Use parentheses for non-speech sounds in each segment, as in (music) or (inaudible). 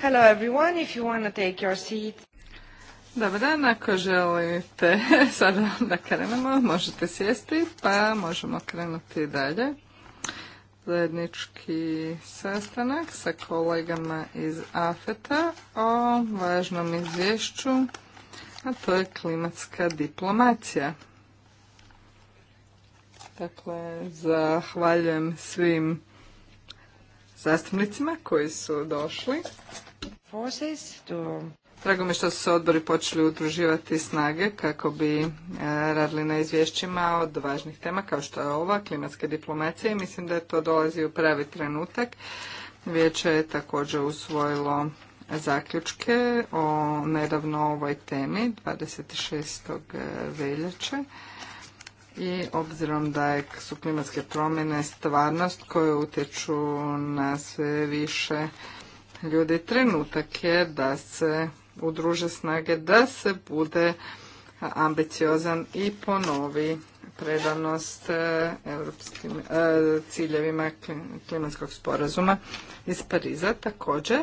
Hello everyone, if you want to take your seat. Dobar dan, ako želite (laughs) sada da krenemo, možete sjesti pa možemo krenuti dalje. Zajednički sastanak sa kolegama iz AFETA o važnom izvješću, a to je klimatska diplomacija. Dakle, zahvaljujem svim zastupnicima koji su došli. Drago mi što su se odbori počeli udruživati snage kako bi e, radili na izvješćima od važnih tema kao što je ova, klimatska diplomacija i mislim da je to dolazi u pravi trenutak. Vijeće je također usvojilo zaključke o nedavno ovoj temi 26. E, veljače i obzirom da su klimatske promjene stvarnost koje utječu na sve više ljudi, trenutak je da se udruže snage, da se bude ambiciozan i ponovi predanost europskim e, ciljevima klimatskog sporazuma iz Pariza. Također,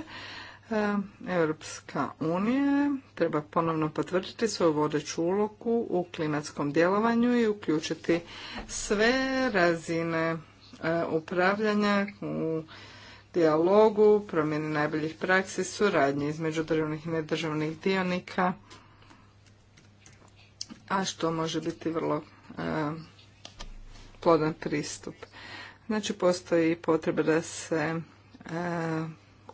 E, Europska unija treba ponovno potvrditi svoju vodeću ulogu u klimatskom djelovanju i uključiti sve razine e, upravljanja u dijalogu, promjeni najboljih praksi, suradnje između državnih i nedržavnih dionika, a što može biti vrlo e, plodan pristup. Znači, postoji potreba da se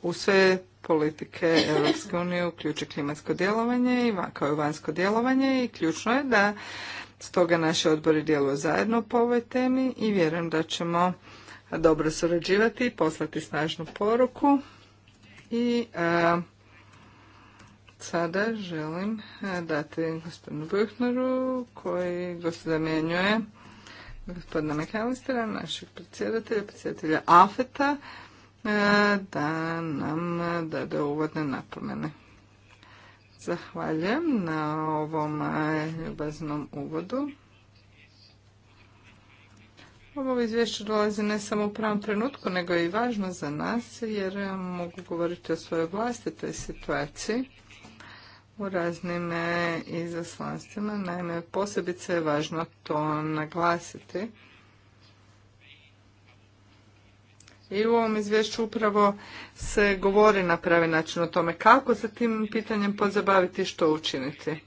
u sve politike Europske unije uključi klimatsko djelovanje i kao i vanjsko djelovanje i ključno je da stoga naši odbori djeluju zajedno po ovoj temi i vjerujem da ćemo dobro surađivati i poslati snažnu poruku i e, sada želim e, dati gospodinu Buchneru koji zamjenjuje gospodina McAllistera, našeg predsjedatelja, predsjedatelja AFETA E, da nam dade uvodne napomene. Zahvaljujem na ovom e, ljubaznom uvodu. Ovo izvješće dolazi ne samo u pravom trenutku, nego je i važno za nas, jer e, mogu govoriti o svojoj vlastitoj situaciji u raznim izaslanstvima. Naime, posebice je važno to naglasiti I u ovom izvješću upravo se govori na pravi način o tome kako se tim pitanjem pozabaviti i što učiniti.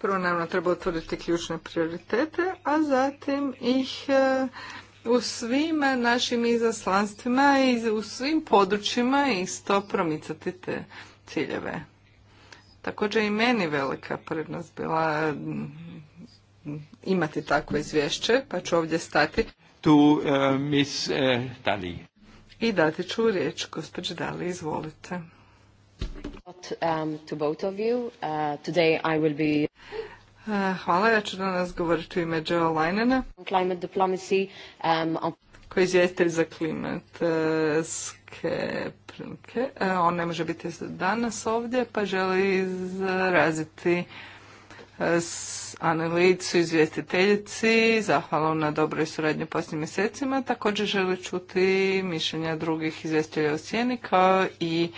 Prvo naravno treba utvrditi ključne prioritete, a zatim ih e, u svim našim izaslanstvima i u svim područjima isto promicati te ciljeve. Također i meni velika prednost bila imati takvo izvješće, pa ću ovdje stati to eh, eh, I dati ću riječ, gospođe Dali, izvolite. Hvala, ja ću danas govoriti u ime Joe Linena. Um, koji je izvjestitelj za klimatske eh, prilike. On ne može biti danas ovdje, pa želi izraziti E, Lid su izvjestiteljici, zahvalom na dobroj suradnji u posljednjim mjesecima. Također želi čuti mišljenja drugih izvjestitelja u sjeni kao i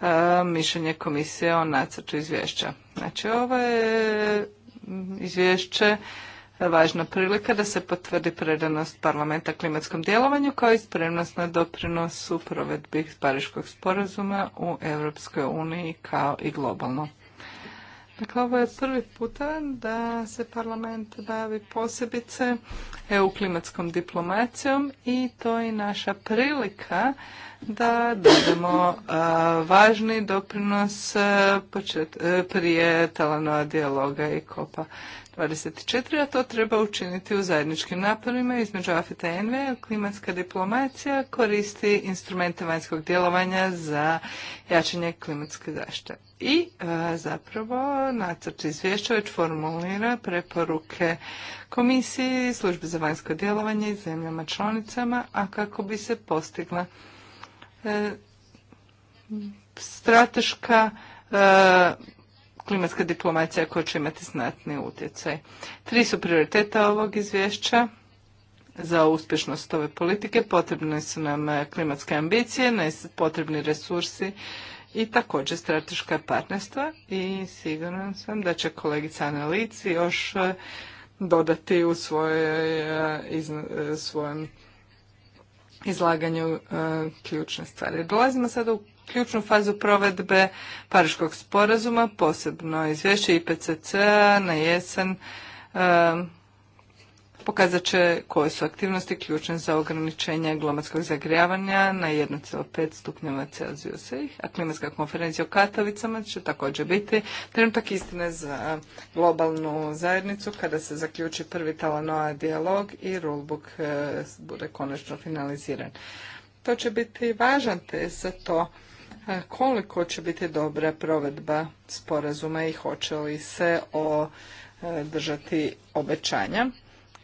e, mišljenje komisije o nacrtu izvješća. Znači ovo je izvješće e, važna prilika da se potvrdi predanost parlamenta klimatskom djelovanju kao i spremnost na doprinos provedbi Pariškog sporazuma u Europskoj uniji kao i globalno. Dakle, ovo je prvi puta da se parlament bavi posebice EU klimatskom diplomacijom i to je naša prilika da dodamo važni doprinos počet, prije talanova dijaloga i kopa. 24, a to treba učiniti u zajedničkim naporima između Afita i NV. Klimatska diplomacija koristi instrumente vanjskog djelovanja za jačanje klimatske zaštite. I e, zapravo nacrt izvješća već formulira preporuke komisiji, službe za vanjsko djelovanje i zemljama članicama, a kako bi se postigla e, strateška e, klimatska diplomacija koja će imati znatni utjecaj. Tri su prioriteta ovog izvješća. Za uspješnost ove politike potrebne su nam e, klimatske ambicije, potrebni resursi i također strateška partnerstva i sigurno sam da će kolegica lici još e, dodati u svojoj, e, svojem izlaganju ključne stvari. Dolazimo sada u ključnu fazu provedbe Pariškog sporazuma, posebno izvješće ipcc na jesen pokazat će koje su aktivnosti ključne za ograničenje glomatskog zagrijavanja na 1,5 stupnjeva Celzijusa, a klimatska konferencija o Katavicama će također biti trenutak istine za globalnu zajednicu kada se zaključi prvi Talanoa dijalog i rulebook eh, bude konačno finaliziran. To će biti važan test za to koliko će biti dobra provedba sporazuma i hoće li se o e, držati obećanja.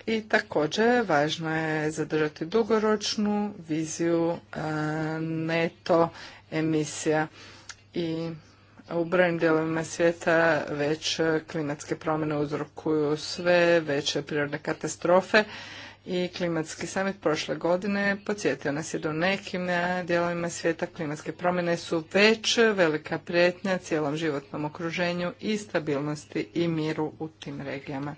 I također važno je zadržati dugoročnu viziju e, neto emisija i u brojnim dijelovima svijeta već klimatske promjene uzrokuju sve veće prirodne katastrofe i klimatski samit prošle godine podsjetio nas je do nekim eh, dijelovima svijeta klimatske promjene su već velika prijetnja cijelom životnom okruženju i stabilnosti i miru u tim regijama.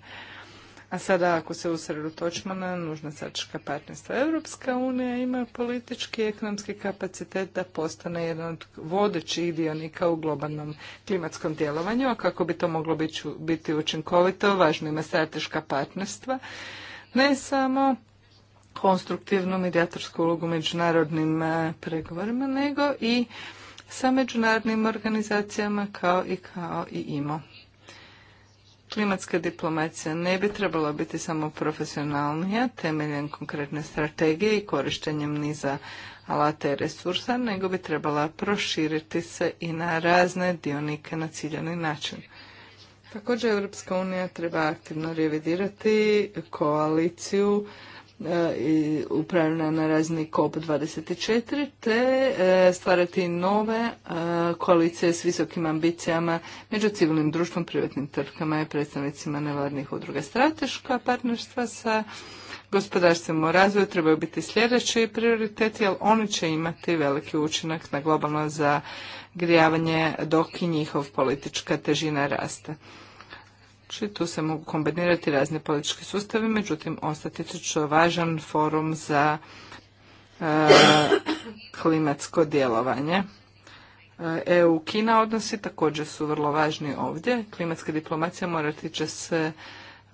A sada ako se usredotočimo na nužna strateška partnerstva, Europska unija ima politički i ekonomski kapacitet da postane jedan od vodećih dionika u globalnom klimatskom djelovanju, a kako bi to moglo biti učinkovito, važno ima strateška partnerstva ne samo konstruktivnu medijatorsku ulogu međunarodnim e, pregovorima, nego i sa međunarodnim organizacijama kao i kao i IMO. Klimatska diplomacija ne bi trebala biti samo profesionalnija temeljem konkretne strategije i korištenjem niza alata i resursa, nego bi trebala proširiti se i na razne dionike na ciljani način. Također Europska unija treba aktivno revidirati koaliciju e, i upravljanja na razini COP24 te e, stvarati nove e, koalicije s visokim ambicijama među civilnim društvom, privatnim tvrtkama i predstavnicima nevladnih udruga. Strateška partnerstva sa gospodarstvom u razvoju trebaju biti sljedeći prioriteti, jer oni će imati veliki učinak na globalno zagrijavanje dok i njihov politička težina raste. Znači, tu se mogu kombinirati razne političke sustavi, međutim, ostati će važan forum za e, klimatsko djelovanje. EU-Kina e odnosi također su vrlo važni ovdje. Klimatska diplomacija morati će se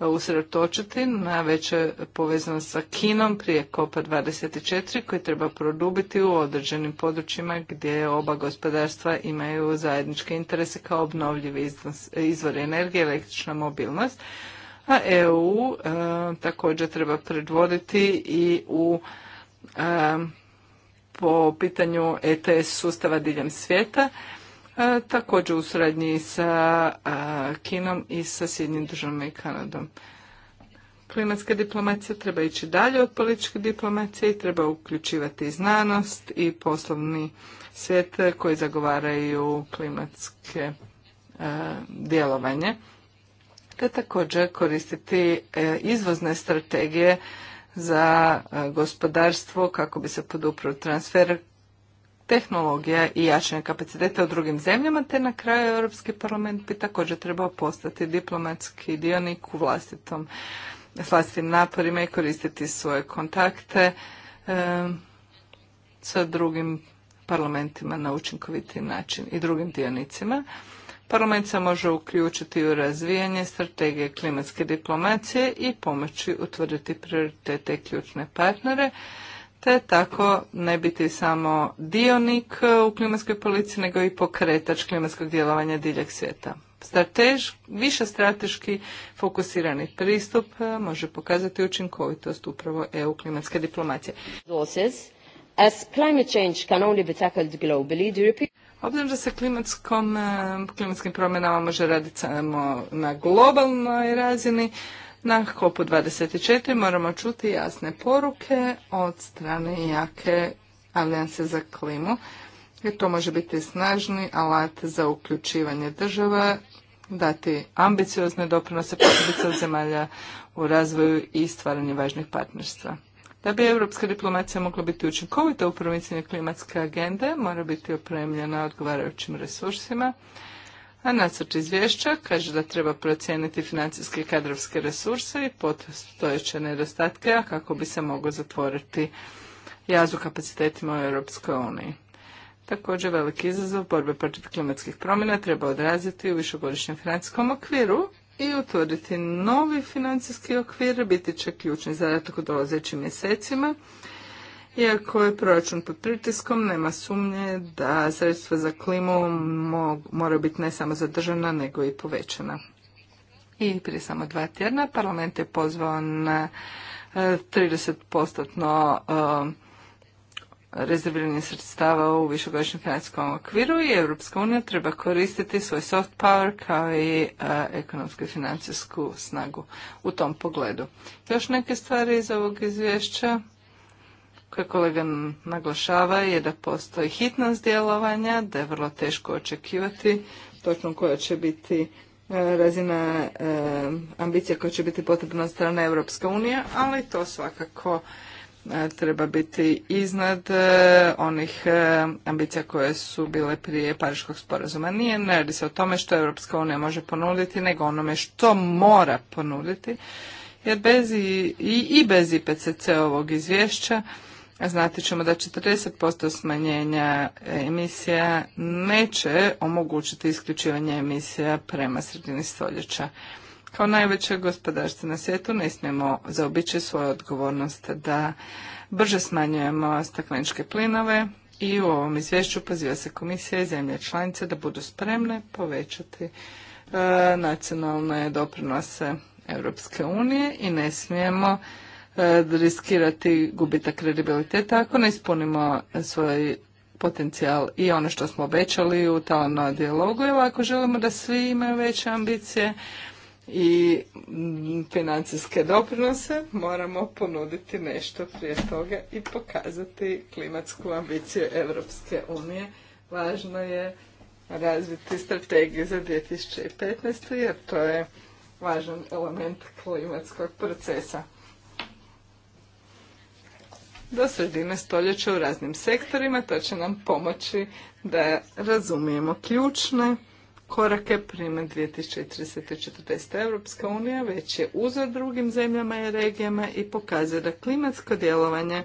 usredotočiti na veće povezanost sa Kinom prije Kopa 24 koji treba produbiti u određenim područjima gdje oba gospodarstva imaju zajedničke interese kao obnovljivi izvori energije, električna mobilnost. A EU e, također treba predvoditi i u e, po pitanju ETS sustava diljem svijeta E, također u suradnji sa e, Kinom i sa Sjedinim državama i Kanadom. Klimatska diplomacija treba ići dalje od političke diplomacije i treba uključivati znanost i poslovni svijet koji zagovaraju klimatske e, djelovanje, te također koristiti izvozne strategije za gospodarstvo kako bi se podupro transfer tehnologija i jačanje kapaciteta u drugim zemljama, te na kraju Europski parlament bi također trebao postati diplomatski dionik u vlastitom, s vlastitim naporima i koristiti svoje kontakte e, sa drugim parlamentima na učinkoviti način i drugim dionicima. Parlament se može uključiti u razvijanje strategije klimatske diplomacije i pomoći utvrditi prioritete i ključne partnere, te tako ne biti samo dionik uh, u klimatskoj policiji, nego i pokretač klimatskog djelovanja diljeg svijeta. Stratež, više strateški fokusirani pristup uh, može pokazati učinkovitost upravo EU klimatske diplomacije. As climate change can only be tackled Obzirom da se uh, klimatskim promjenama može raditi samo na globalnoj razini, na kopu 24 moramo čuti jasne poruke od strane jake alijanse za klimu, jer to može biti snažni alat za uključivanje država, dati ambiciozne doprinose posebice od zemalja u razvoju i stvaranju važnih partnerstva. Da bi europska diplomacija mogla biti učinkovita u promicanju klimatske agende, mora biti opremljena odgovarajućim resursima, a nacrt izvješća kaže da treba procijeniti financijske i kadrovske resurse i postojeće nedostatke, a kako bi se moglo zatvoriti jaz u kapacitetima u Europskoj uniji. Također veliki izazov borbe protiv klimatskih promjena treba odraziti u višegodišnjem financijskom okviru i utvrditi novi financijski okvir biti će ključni zadatak u dolazećim mjesecima iako je proračun pod pritiskom, nema sumnje da sredstva za klimu moraju biti ne samo zadržana, nego i povećana. I prije samo dva tjedna parlament je pozvao na 30% eh, eh, rezerviranje sredstava u višegodišnjem financijskom okviru i Europska unija treba koristiti svoj soft power kao i eh, ekonomsku i financijsku snagu u tom pogledu. Još neke stvari iz ovog izvješća koje kolega naglašava je da postoji hitnost djelovanja, da je vrlo teško očekivati točno koja će biti e, razina e, ambicija koja će biti potrebna od strane Europske unije, ali to svakako e, treba biti iznad onih ambicija koje su bile prije Pariškog sporazuma. Nije ne radi se o tome što Europska unija može ponuditi, nego onome što mora ponuditi, jer bez i, i bez IPCC ovog izvješća znati ćemo da 40% smanjenja emisija neće omogućiti isključivanje emisija prema sredini stoljeća. Kao najveće gospodarstvo na svijetu ne smijemo zaobići svoju odgovornost da brže smanjujemo stakleničke plinove i u ovom izvješću poziva se komisija i zemlje članice da budu spremne povećati e, nacionalne doprinose Europske unije i ne smijemo E, riskirati gubitak kredibiliteta ako ne ispunimo svoj potencijal i ono što smo obećali u na dijalogu jer ako želimo da svi imaju veće ambicije i financijske doprinose, moramo ponuditi nešto prije toga i pokazati klimatsku ambiciju Europske unije. Važno je razviti strategiju za 2015. jer to je važan element klimatskog procesa do sredine stoljeća u raznim sektorima. To će nam pomoći da razumijemo ključne korake prime 2030-40. Europska unija već je uzor drugim zemljama i regijama i pokazuje da klimatsko djelovanje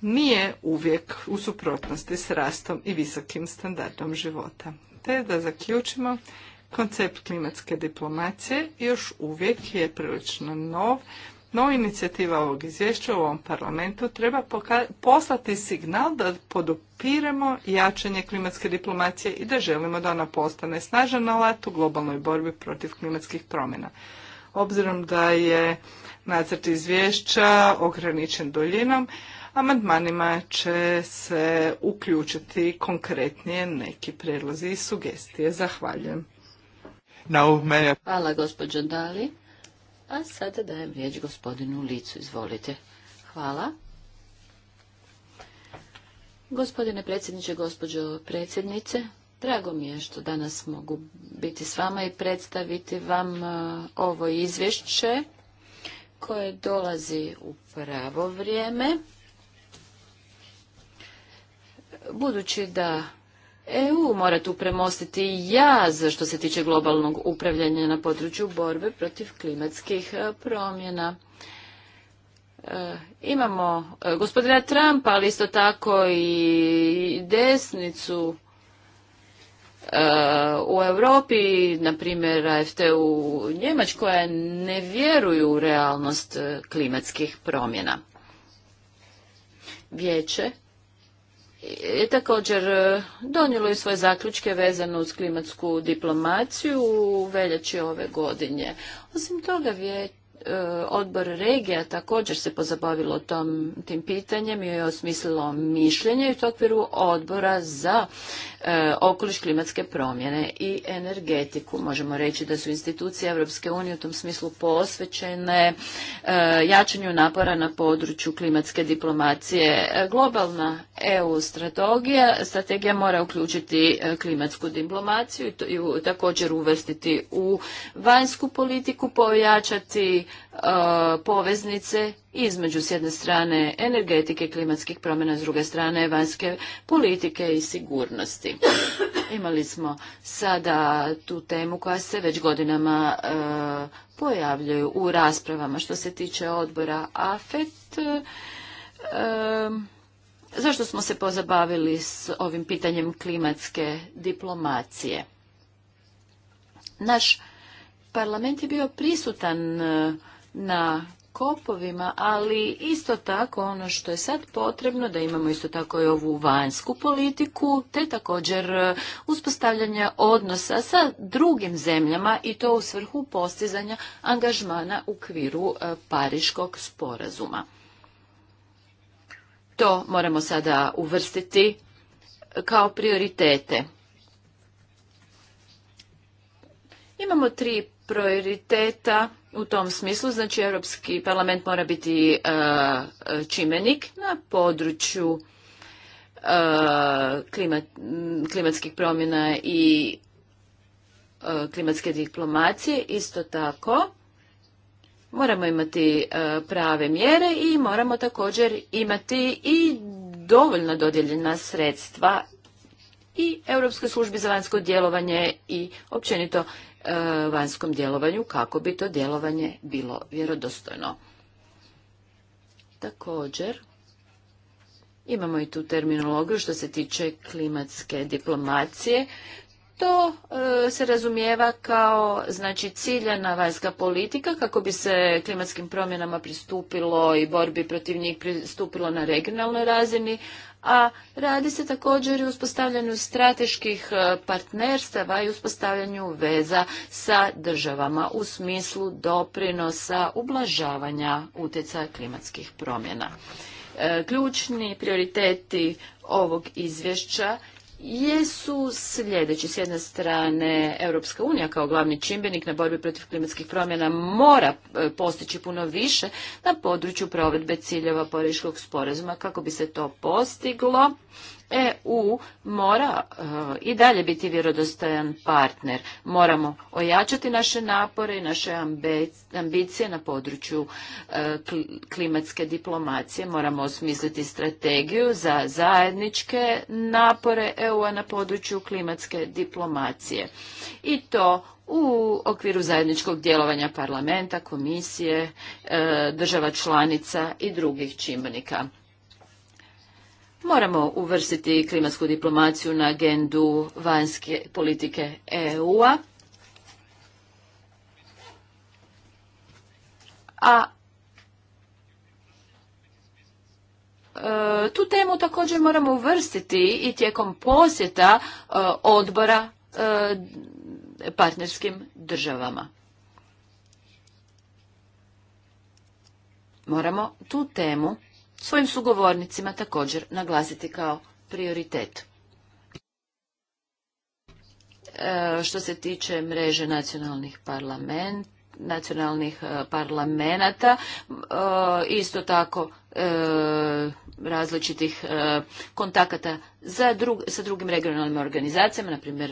nije uvijek u suprotnosti s rastom i visokim standardom života. Te da zaključimo, koncept klimatske diplomacije još uvijek je prilično nov no, inicijativa ovog izvješća u ovom parlamentu treba poslati signal da podupiremo jačanje klimatske diplomacije i da želimo da ona postane snažan alat u globalnoj borbi protiv klimatskih promjena. Obzirom da je nacrt izvješća ograničen duljinom, amandmanima će se uključiti konkretnije neki prijedlozi i sugestije. Zahvaljujem. Hvala gospođo Dali. A sada dajem riječ gospodinu Licu, izvolite. Hvala. Gospodine predsjedniče, gospođo predsjednice, drago mi je što danas mogu biti s vama i predstaviti vam e, ovo izvješće koje dolazi u pravo vrijeme. Budući da EU mora tu premostiti jaz što se tiče globalnog upravljanja na području borbe protiv klimatskih e, promjena. E, imamo e, gospodina Trumpa, ali isto tako i desnicu u Europi, na primjer AFT u Njemačkoj, ne vjeruju u realnost klimatskih promjena. Vijeće također e, donijelo je svoje zaključke vezano uz klimatsku diplomaciju u veljači ove godine. Osim toga, je e, odbor regija također se pozabavilo tom, tim pitanjem i je osmislilo mišljenje u okviru odbora za e, okoliš klimatske promjene i energetiku. Možemo reći da su institucije Europske unije u tom smislu posvećene jačanju napora na području klimatske diplomacije. Globalna EU strategija, strategija mora uključiti e, klimatsku diplomaciju i također uvrstiti u vanjsku politiku, pojačati e, poveznice između s jedne strane energetike, klimatskih promjena, s druge strane vanjske politike i sigurnosti. Imali smo sada tu temu koja se već godinama e, pojavljaju u raspravama. Što se tiče odbora AFET, Zašto smo se pozabavili s ovim pitanjem klimatske diplomacije? Naš parlament je bio prisutan e, na kopovima, ali isto tako ono što je sad potrebno, da imamo isto tako i ovu vanjsku politiku, te također e, uspostavljanja odnosa sa drugim zemljama i to u svrhu postizanja angažmana u kviru e, Pariškog sporazuma. To moramo sada uvrstiti kao prioritete. Imamo tri prioriteta u tom smislu, znači Europski parlament mora biti e, čimenik na području e, klimatskih promjena i e, klimatske diplomacije. Isto tako, Moramo imati e, prave mjere i moramo također imati i dovoljno dodijeljena sredstva i Europskoj službi za vanjsko djelovanje i općenito e, vanjskom djelovanju kako bi to djelovanje bilo vjerodostojno. Također, imamo i tu terminologiju što se tiče klimatske diplomacije to e, se razumijeva kao znači ciljana vanjska politika kako bi se klimatskim promjenama pristupilo i borbi protiv njih pristupilo na regionalnoj razini, a radi se također i uspostavljanju strateških e, partnerstava i uspostavljanju veza sa državama u smislu doprinosa ublažavanja utjecaja klimatskih promjena. E, ključni prioriteti ovog izvješća jesu sljedeći. S jedne strane, Europska unija kao glavni čimbenik na borbi protiv klimatskih promjena mora e, postići puno više na području provedbe ciljeva Pariškog sporazuma kako bi se to postiglo. EU mora e, i dalje biti vjerodostojan partner. Moramo ojačati naše napore i naše ambicije na području e, klimatske diplomacije. Moramo osmisliti strategiju za zajedničke napore EU-a na području klimatske diplomacije. I to u okviru zajedničkog djelovanja parlamenta, komisije, e, država članica i drugih čimbenika. Moramo uvrstiti klimatsku diplomaciju na agendu vanjske politike EU-a. A e, tu temu također moramo uvrstiti i tijekom posjeta e, odbora e, partnerskim državama. Moramo tu temu svojim sugovornicima također naglasiti kao prioritet. E, što se tiče mreže nacionalnih parlamenta, nacionalnih e, parlamenata, e, isto tako različitih kontakata sa drugim regionalnim organizacijama, na primjer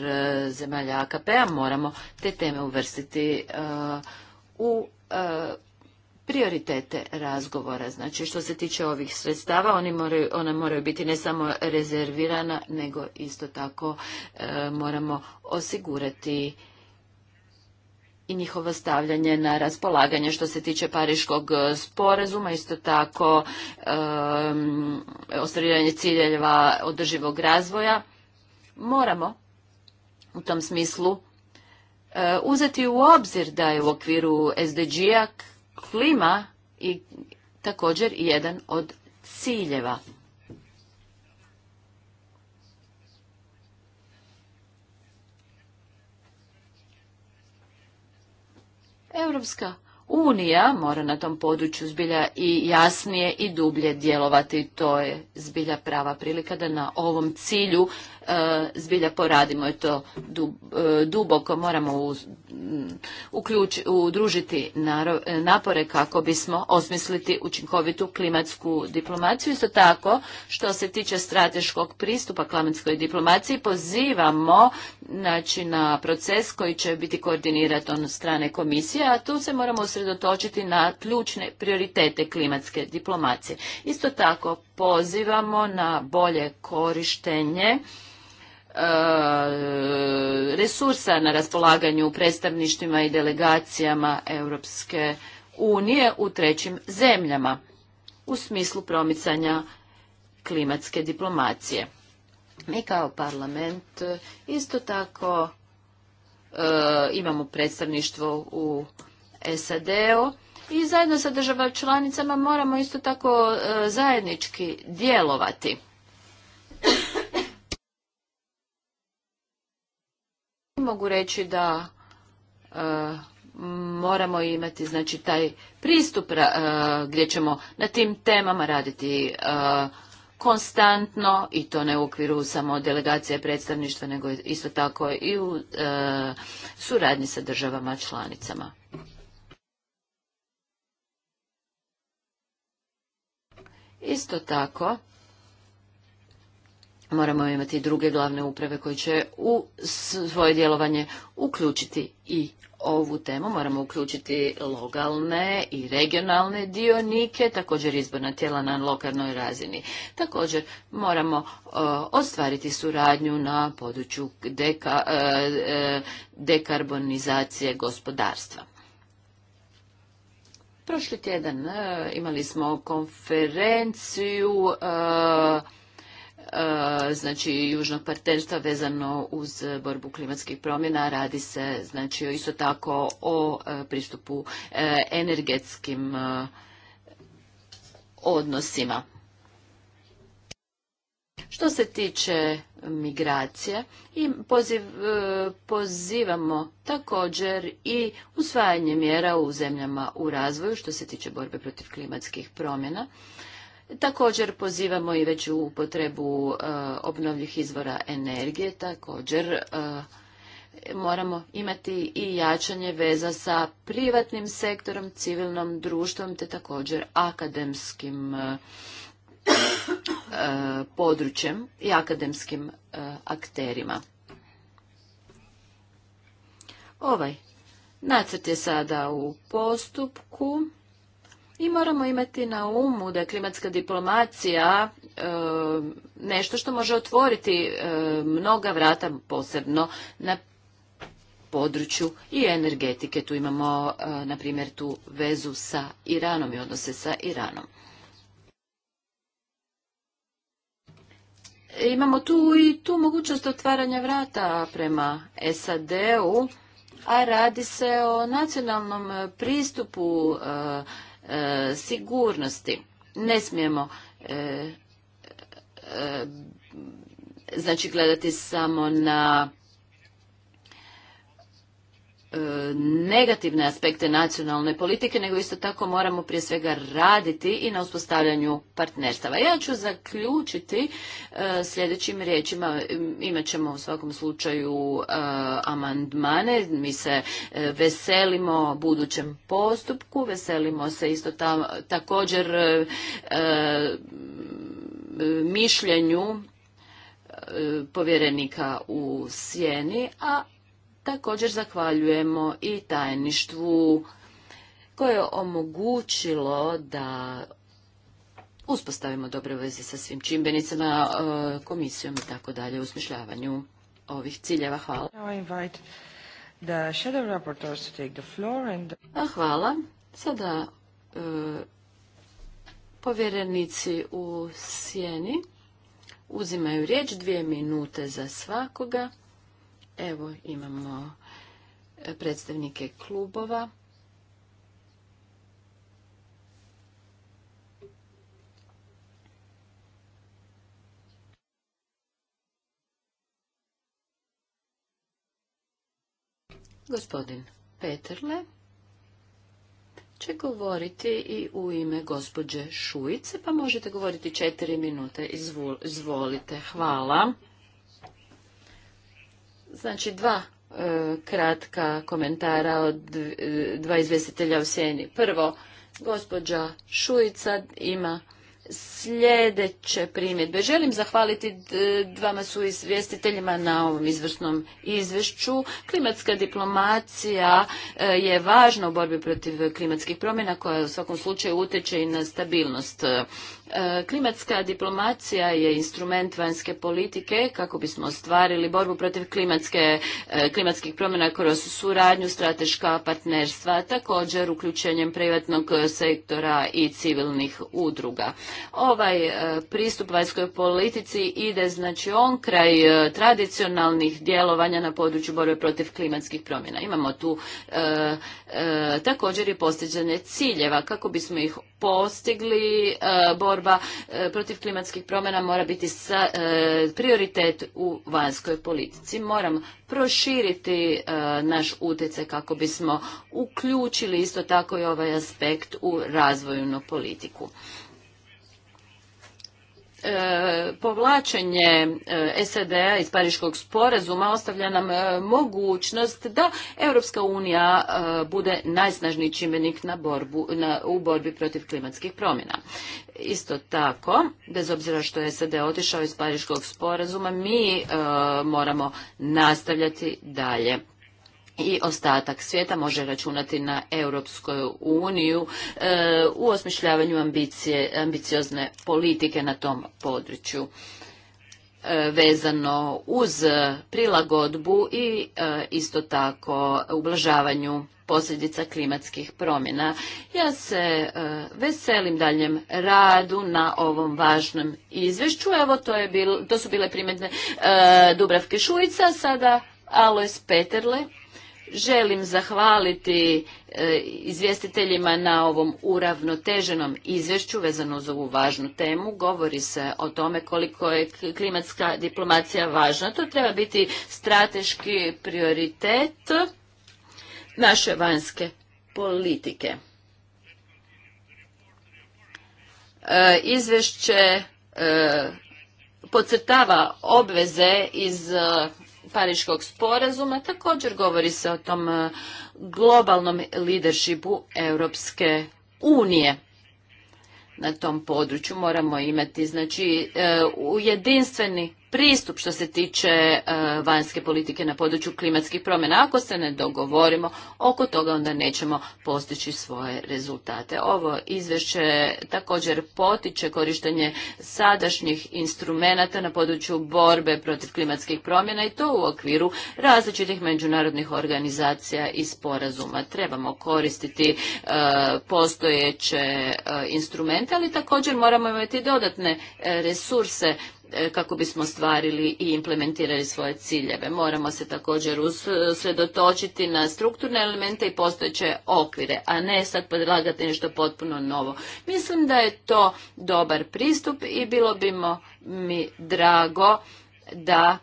zemalja AKP-a, moramo te teme uvrstiti u prioritete razgovora. Znači što se tiče ovih sredstava, oni moraju, ona moraju biti ne samo rezervirana, nego isto tako e, moramo osigurati i njihovo stavljanje na raspolaganje što se tiče pariškog e, sporazuma, isto tako e, ostvarivanje ciljeva održivog razvoja. Moramo u tom smislu e, uzeti u obzir da je u okviru SDG-a klima i također jedan od ciljeva. Europska unija mora na tom području zbilja i jasnije i dublje djelovati. To je zbilja prava prilika da na ovom cilju E, zbilja poradimo je to e, duboko moramo mm, udružiti e, napore kako bismo osmisliti učinkovitu klimatsku diplomaciju. Isto tako što se tiče strateškog pristupa klimatskoj diplomaciji pozivamo znači, na proces koji će biti koordinirat od strane komisije, a tu se moramo usredotočiti na ključne prioritete klimatske diplomacije. Isto tako pozivamo na bolje korištenje E, resursa na raspolaganju u predstavništvima i delegacijama Europske unije u trećim zemljama u smislu promicanja klimatske diplomacije. Mi kao parlament isto tako e, imamo predstavništvo u SAD-u i zajedno sa država članicama moramo isto tako e, zajednički djelovati. mogu reći da e, moramo imati znači taj pristup e, gdje ćemo na tim temama raditi e, konstantno i to ne u okviru samo delegacije predstavništva nego isto tako i u suradnji sa državama članicama. Isto tako moramo imati druge glavne uprave koje će u svoje djelovanje uključiti i ovu temu. Moramo uključiti lokalne i regionalne dionike, također izborna tijela na lokalnoj razini. Također moramo e, ostvariti suradnju na području e, e, dekarbonizacije gospodarstva. Prošli tjedan imali smo konferenciju E, znači južnog partnerstva vezano uz borbu klimatskih promjena radi se znači isto tako o e, pristupu e, energetskim odnosima što se tiče migracije i pozivamo također i usvajanje mjera u zemljama u razvoju što se tiče borbe protiv klimatskih promjena Također pozivamo i veću upotrebu obnovljih e, obnovljivih izvora energije, također e, moramo imati i jačanje veza sa privatnim sektorom, civilnom društvom te također akademskim e, područjem i akademskim akterima. Ovaj nacrt je sada u postupku. I moramo imati na umu da je klimatska diplomacija e, nešto što može otvoriti e, mnoga vrata, posebno na području i energetike. Tu imamo, e, na primjer, tu vezu sa Iranom i odnose sa Iranom. Imamo tu i tu mogućnost otvaranja vrata prema SAD-u, a radi se o nacionalnom pristupu E, sigurnosti. Ne smijemo e, e, znači gledati samo na E, negativne aspekte nacionalne politike, nego isto tako moramo prije svega raditi i na uspostavljanju partnerstava. Ja ću zaključiti e, sljedećim riječima. Imat ćemo u svakom slučaju e, amandmane. Mi se veselimo budućem postupku, veselimo se isto također mišljenju povjerenika u sjeni, a Također zahvaljujemo i tajništvu koje je omogućilo da uspostavimo dobre veze sa svim čimbenicama, e, komisijom i tako dalje u smišljavanju ovih ciljeva. Hvala. hvala. Sada e, povjerenici u sjeni uzimaju riječ dvije minute za svakoga. Evo imamo e, predstavnike klubova. Gospodin Peterle će govoriti i u ime gospođe Šujice, pa možete govoriti četiri minute. Izvolite, hvala. Znači dva e, kratka komentara od e, dva izvjestitelja u sjeni. Prvo, gospođa Šujica ima sljedeće primjedbe. Želim zahvaliti dvama su izvjestiteljima na ovom izvrsnom izvješću. Klimatska diplomacija e, je važna u borbi protiv klimatskih promjena koja u svakom slučaju utječe i na stabilnost E, klimatska diplomacija je instrument vanjske politike kako bismo ostvarili borbu protiv klimatske, e, klimatskih promjena kroz suradnju, strateška partnerstva, također uključenjem privatnog sektora i civilnih udruga. Ovaj e, pristup vanjskoj politici ide znači on kraj tradicionalnih djelovanja na području borbe protiv klimatskih promjena. Imamo tu također i postiđanje ciljeva kako bismo ih postigli, e, borba e, protiv klimatskih promjena mora biti e, prioritet u vanjskoj politici. Moram proširiti naš utjecaj kako bismo uključili isto tako i ovaj aspekt u razvojnu politiku. E, povlačenje e, SAD-a e iz Pariškog sporazuma ostavlja nam mogućnost da Europska unija bude najsnažniji čimbenik na borbu, na, u borbi protiv klimatskih promjena. Isto tako, bez obzira što je SAD otišao iz Pariškog sporazuma, mi moramo nastavljati dalje i ostatak svijeta može računati na Europsku uniju e, u osmišljavanju ambicije, ambiciozne politike na tom području e, vezano uz prilagodbu i e, isto tako ublažavanju posljedica klimatskih promjena. Ja se veselim daljem radu na ovom važnom izvješću. Evo, to, je bil, to su bile primjedne Dubravke Šujica, sada Alois Peterle. Želim zahvaliti e, izvjestiteljima na ovom uravnoteženom izvješću vezano uz ovu važnu temu. Govori se o tome koliko je klimatska diplomacija važna. To treba biti strateški prioritet naše vanjske politike. E, izvješće e, podcrtava obveze iz Pariškog sporazuma također govori se o tom e, globalnom leadershipu Europske unije na tom području. Moramo imati znači e, ujedinstveni pristup što se tiče e, vanjske politike na području klimatskih promjena. Ako se ne dogovorimo oko toga, onda nećemo postići svoje rezultate. Ovo izvješće također potiče korištenje sadašnjih instrumenata na području borbe protiv klimatskih promjena i to u okviru različitih međunarodnih organizacija i sporazuma. Trebamo koristiti e, postojeće e, instrumente, ali također moramo imati dodatne resurse E, kako bismo stvarili i implementirali svoje ciljeve. Moramo se također e, usredotočiti na strukturne elemente i postojeće okvire, a ne sad podlagati nešto potpuno novo. Mislim da je to dobar pristup i bilo bi mi drago da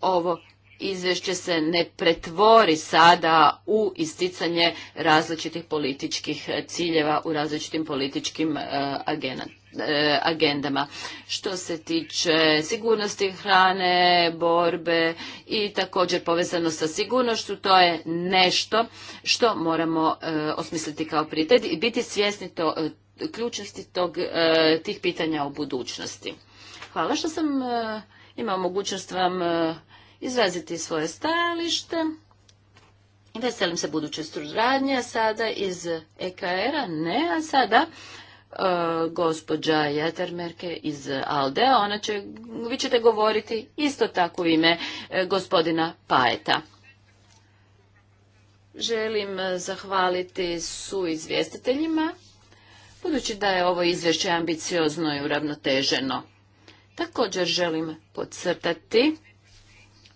ovo izvješće se ne pretvori sada u isticanje različitih političkih ciljeva u različitim političkim uh, E, agendama. Što se tiče sigurnosti hrane, borbe i također povezano sa sigurnošću, to je nešto što moramo e, osmisliti kao prijatelj i biti svjesni to, e, ključnosti tog, tih pitanja u budućnosti. Hvala što sam imao mogućnost vam izraziti svoje stajalište. Veselim se buduće a sada iz EKR-a, ne, a sada E, gospođa Jetermerke iz Aldea, ona će, vi ćete govoriti isto tako u ime e, gospodina Paeta. Želim zahvaliti su izvjestiteljima, budući da je ovo izvješće ambiciozno i uravnoteženo. Također želim podcrtati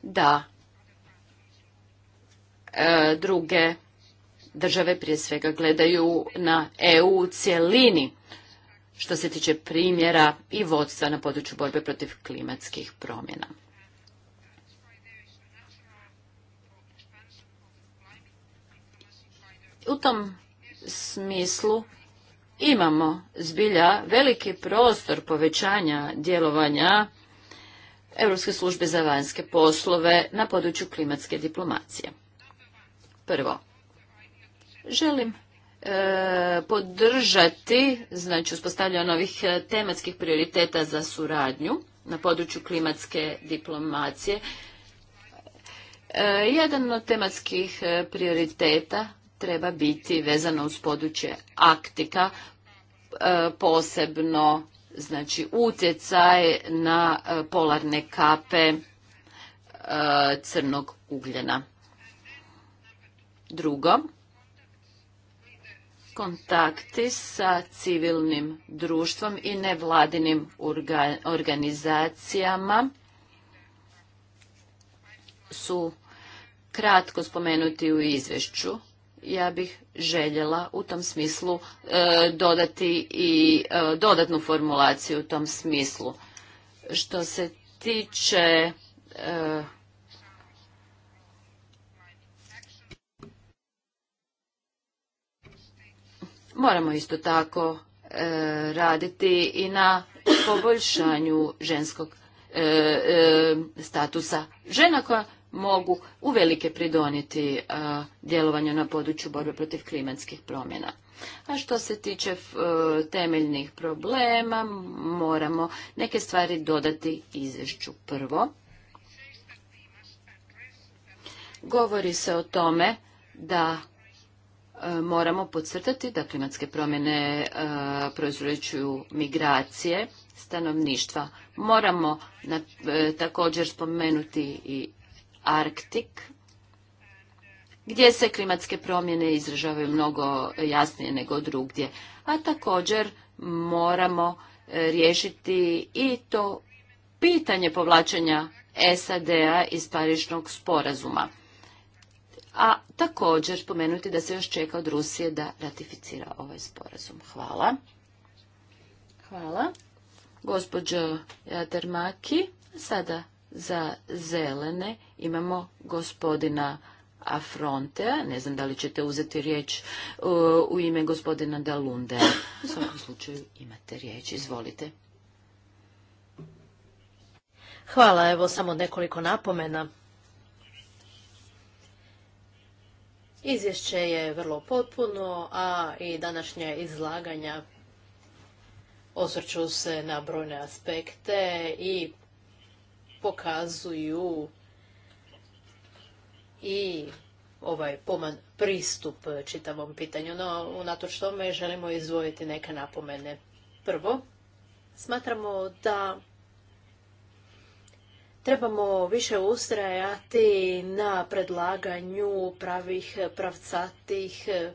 da e, druge države prije svega gledaju na EU u cjelini što se tiče primjera i vodstva na području borbe protiv klimatskih promjena. U tom smislu imamo zbilja veliki prostor povećanja djelovanja Europske službe za vanjske poslove na području klimatske diplomacije. Prvo, Želim e, podržati znači uspostavljanje novih e, tematskih prioriteta za suradnju na području klimatske diplomacije. E, jedan od tematskih prioriteta treba biti vezano uz područje Aktika, posebno znači utjecaj na polarne kape crnog ugljena. Drugo, kontakti sa civilnim društvom i nevladinim organizacijama su kratko spomenuti u izvješću. Ja bih željela u tom smislu e, dodati i e, dodatnu formulaciju u tom smislu. Što se tiče e, Moramo isto tako e, raditi i na poboljšanju ženskog e, e, statusa žena koja mogu uvelike pridonijeti djelovanju na području borbe protiv klimatskih promjena. A što se tiče temeljnih problema, moramo neke stvari dodati izvješću prvo. Govori se o tome da moramo podcrtati da klimatske promjene e, proizvrđuju migracije stanovništva. Moramo e, također spomenuti i Arktik, gdje se klimatske promjene izražavaju mnogo jasnije nego drugdje. A također moramo e, riješiti i to pitanje povlačenja SAD-a iz Parišnog sporazuma a također spomenuti da se još čeka od Rusije da ratificira ovaj sporazum. Hvala. Hvala. Gospođo Jatermaki, sada za zelene imamo gospodina Afrontea. Ne znam da li ćete uzeti riječ u ime gospodina Dalunde. U svakom slučaju imate riječ. Izvolite. Hvala. Evo samo nekoliko napomena. Izvješće je vrlo potpuno, a i današnja izlaganja osvrću se na brojne aspekte i pokazuju i ovaj poman pristup čitavom pitanju, no unatoč tome želimo izvojiti neke napomene. Prvo, smatramo da Trebamo više ustrajati na predlaganju pravih, pravcatih eh,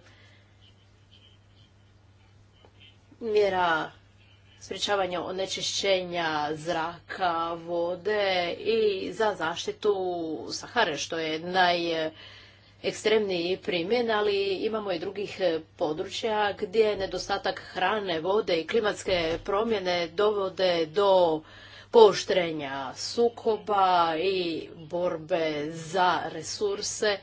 mjera sprječavanja onečišćenja zraka, vode i za zaštitu Sahare, što je najekstremniji primjen, ali imamo i drugih eh, područja gdje nedostatak hrane, vode i klimatske promjene dovode do poštrenja sukoba i borbe za resurse.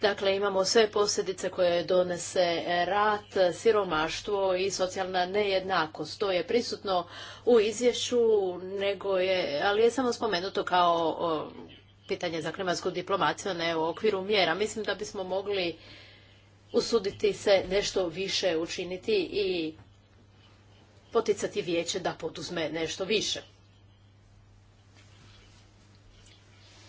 Dakle, imamo sve posljedice koje donese rat, siromaštvo i socijalna nejednakost. To je prisutno u izvješću, nego je, ali je samo spomenuto kao pitanje za klimatsku diplomaciju, ne u okviru mjera. Mislim da bismo mogli usuditi se nešto više učiniti i poticati vijeće da poduzme nešto više.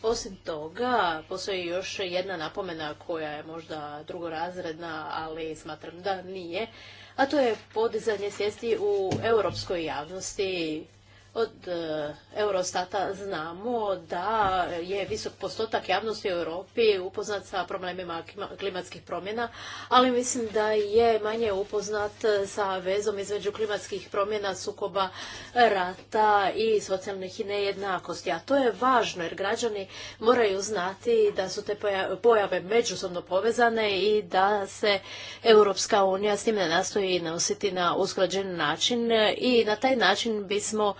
Osim toga, postoji još jedna napomena koja je možda drugorazredna, ali smatram da nije, a to je podizanje svijesti u europskoj javnosti od e, Eurostata znamo da je visok postotak javnosti u Europi upoznat sa problemima klimatskih promjena, ali mislim da je manje upoznat sa vezom između klimatskih promjena, sukoba rata i socijalnih nejednakosti. A to je važno jer građani moraju znati da su te pojave međusobno povezane i da se Europska unija s ne nastoji nositi na usklađen način i na taj način bismo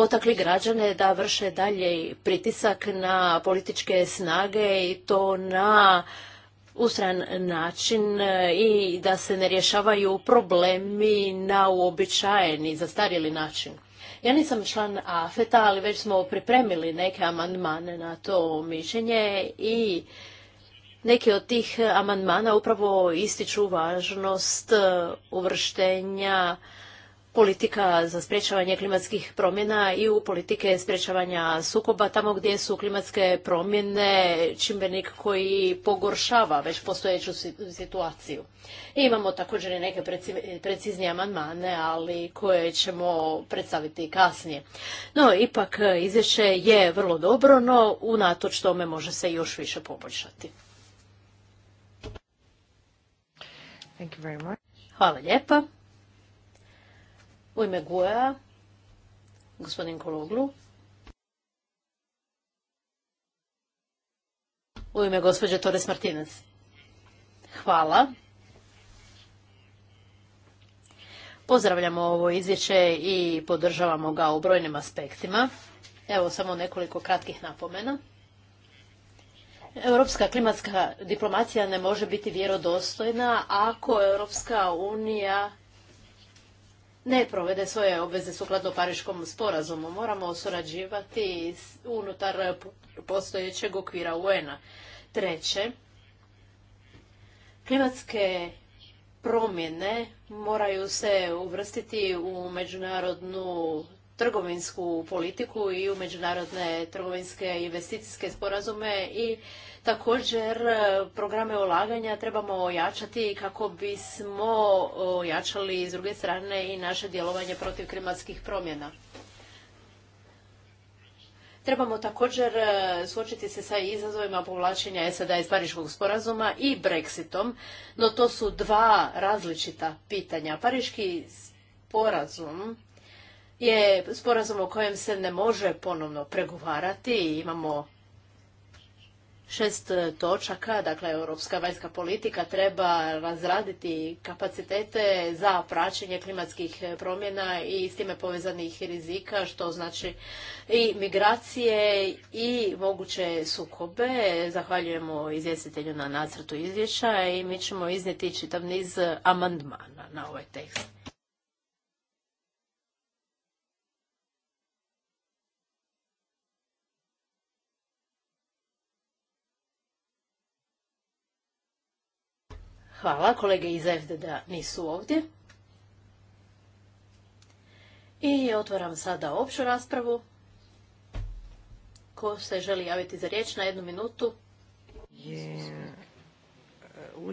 potakli građane da vrše dalje pritisak na političke snage i to na ustran način e, i da se ne rješavaju problemi na uobičajeni, zastarjeli način. Ja nisam član AFETA, e ali već smo pripremili neke amandmane na to mišljenje i neki od tih amandmana upravo ističu važnost e, uvrštenja politika za sprječavanje klimatskih promjena i u politike sprječavanja sukoba tamo gdje su klimatske promjene čimbenik koji pogoršava već postojeću situaciju. imamo također i neke preciznije amandmane, ali koje ćemo predstaviti kasnije. No, ipak izvješće je vrlo dobro, no unatoč tome može se još više poboljšati. Hvala lijepa. U ime Guja, gospodin Kologlu. U ime gospođe Torres Martinez. Hvala. Pozdravljamo ovo izvješće i podržavamo ga u brojnim aspektima. Evo samo nekoliko kratkih napomena. Europska klimatska diplomacija ne može biti vjerodostojna ako Europska unija ne provede svoje obveze sukladno Pariškom sporazumu. Moramo surađivati unutar postojećeg okvira UN-a. Treće, klimatske promjene moraju se uvrstiti u međunarodnu trgovinsku politiku i u međunarodne trgovinske investicijske sporazume i također e, programe ulaganja trebamo ojačati kako bismo ojačali s druge strane i naše djelovanje protiv klimatskih promjena. Trebamo također e, suočiti se sa izazovima povlačenja SAD iz Pariškog sporazuma i Brexitom, no to su dva različita pitanja. Pariški sporazum je sporazum o kojem se ne može ponovno pregovarati. Imamo šest točaka, dakle europska vanjska politika treba razraditi kapacitete za praćenje klimatskih promjena i s time povezanih rizika, što znači i migracije i moguće sukobe. Zahvaljujemo izvjestitelju na nacrtu izvješća i mi ćemo iznijeti čitav niz amandmana na ovaj tekst. Hvala. Kolege iz FDD-a nisu ovdje. I otvaram sada opću raspravu. Ko se želi javiti za riječ na jednu minutu? Uh, uh,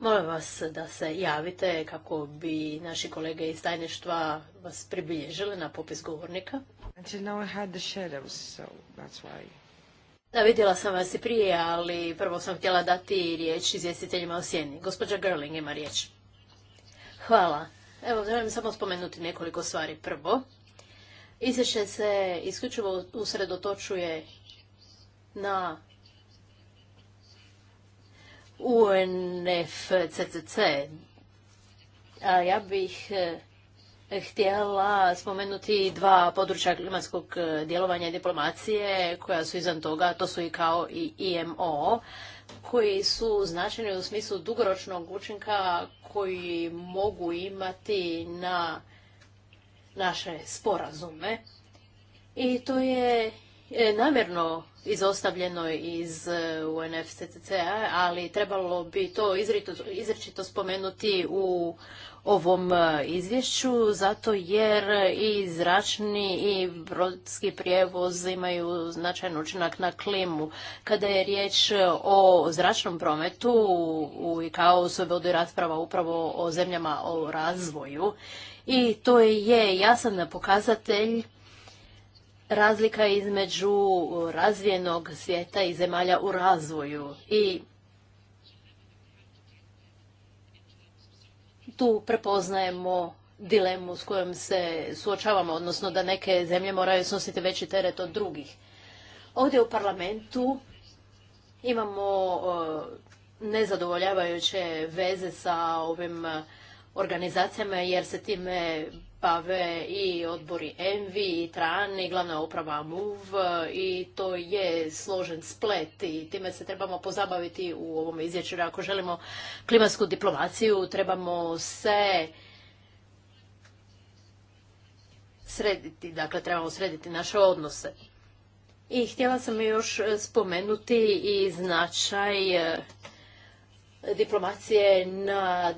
Molim vas da se javite kako bi naši kolege iz tajništva vas pribilježili na popis govornika. I had the shadows, so da, vidjela sam vas i prije, ali prvo sam htjela dati riječ izvjestiteljima o sjeni. Gospođa Gerling ima riječ. Hvala. Evo, želim samo spomenuti nekoliko stvari. Prvo, izvješće se isključivo usredotočuje na UNFCCC. A ja bih htjela spomenuti dva područja klimatskog e, djelovanja i diplomacije koja su izvan toga, to su i kao i IMO, koji su značajni u smislu dugoročnog učinka koji mogu imati na naše sporazume. I to je e, namjerno izostavljeno iz e, UNFCCC-a, ali trebalo bi to izričito spomenuti u ovom e, izvješću, zato jer i zračni i brodski prijevoz imaju značajan učinak na klimu. Kada je riječ o zračnom prometu, u kao se vodi rasprava upravo o zemljama o razvoju i to je jasan pokazatelj razlika između razvijenog svijeta i zemalja u razvoju. I tu prepoznajemo dilemu s kojom se suočavamo, odnosno da neke zemlje moraju snositi veći teret od drugih. Ovdje u parlamentu imamo e, nezadovoljavajuće veze sa ovim organizacijama jer se time bave i odbori Envi, i Tran, i glavna uprava MUV i to je složen splet i time se trebamo pozabaviti u ovom izvješću. Ako želimo klimatsku diplomaciju, trebamo se srediti, dakle trebamo srediti naše odnose. I htjela sam još spomenuti i značaj eh, diplomacije na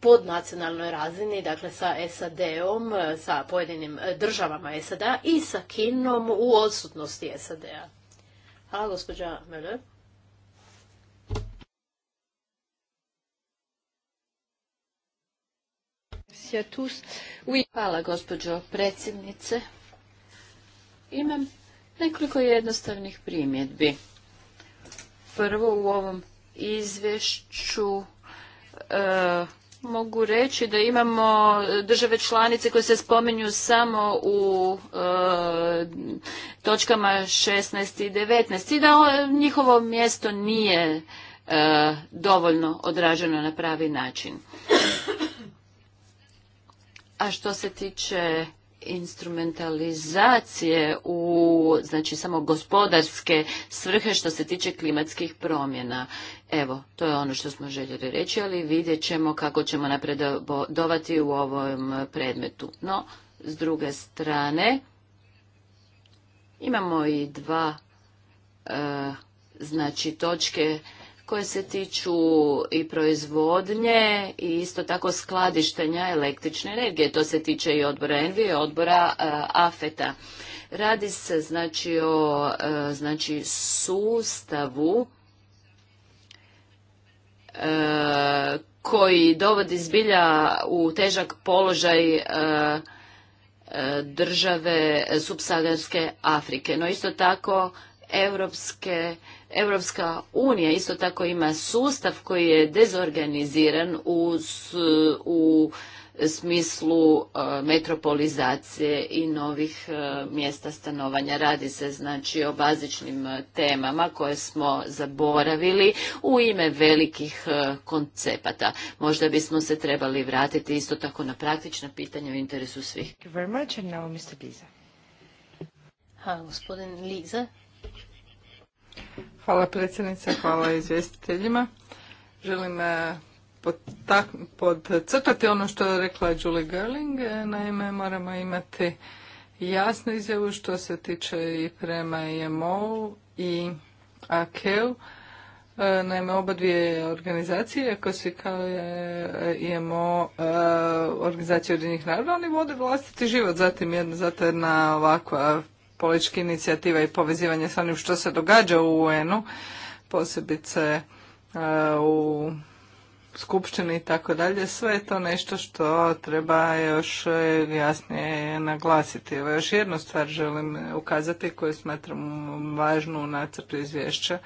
pod nacionalnoj razini, dakle sa SAD-om, sa pojedinim e, državama SAD-a i sa Kinom u odsutnosti SAD-a. Hvala, gospođa Möller. Hvala, gospođo predsjednice. Imam nekoliko jednostavnih primjedbi. Prvo u ovom izvješću e, mogu reći da imamo e, države članice koje se spominju samo u e, točkama 16 i 19 i da e, njihovo mjesto nije dovoljno odraženo na pravi način. A što se tiče instrumentalizacije u znači samo gospodarske svrhe što se tiče klimatskih promjena. Evo, to je ono što smo željeli reći, ali vidjet ćemo kako ćemo napredovati u ovom predmetu. No, s druge strane, imamo i dva e, znači točke koje se tiču i proizvodnje i isto tako skladištenja električne energije. To se tiče i odbora Envi i odbora e, AFETA. Radi se znači o e, znači, sustavu e, koji dovodi zbilja u težak položaj države subsaharske Afrike. No isto tako europske Europska unija isto tako ima sustav koji je dezorganiziran u, u smislu e, metropolizacije i novih e, mjesta stanovanja. Radi se znači o bazičnim e, temama koje smo zaboravili u ime velikih koncepata. Možda bismo se trebali vratiti isto tako na praktična pitanja u interesu svih. Hvala gospodin Liza. Hvala predsjednice, hvala izvjestiteljima. Želim eh, podcrtati ono što je rekla Julie Gerling. Eh, naime, moramo imati jasnu izjavu što se tiče i prema IMO i AKEU. Eh, naime, oba dvije organizacije, ako se kao je IMO organizacija Ujedinjenih naroda, oni vode vlastiti život. Zatim jedna ovakva političkih inicijativa i povezivanje sa onim što se događa u UN-u, posebice e, u skupštini i tako dalje, sve je to nešto što treba još e, jasnije naglasiti. Evo još jednu stvar želim ukazati koju smatram važnu u nacrtu izvješća.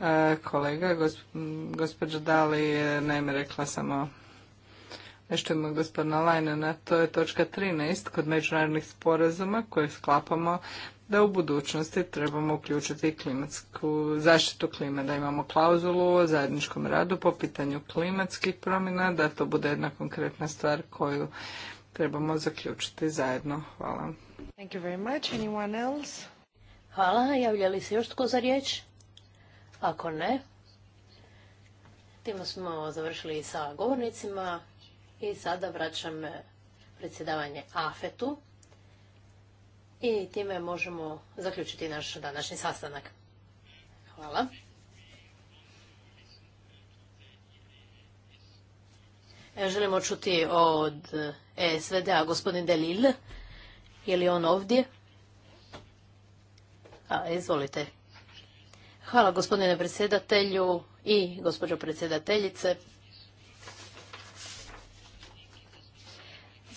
E, kolega, gospođa Dali je naime rekla samo nešto ima gospodina Lajnena, to je točka 13 kod međunarodnih sporazuma koje sklapamo da u budućnosti trebamo uključiti klimatsku zaštitu klime, da imamo klauzulu o zajedničkom radu po pitanju klimatskih promjena, da to bude jedna konkretna stvar koju trebamo zaključiti zajedno. Hvala. Thank you very much. Anyone else? Hvala. Javlja se još tko za riječ? Ako ne, time smo završili sa govornicima. I sada vraćam eh, predsjedavanje AFET-u i time možemo zaključiti naš današnji sastanak. Hvala. Želimo čuti od eh, SVD-a gospodin Delil. Je li on ovdje? A, izvolite. Hvala gospodine predsjedatelju i gospođo predsjedateljice.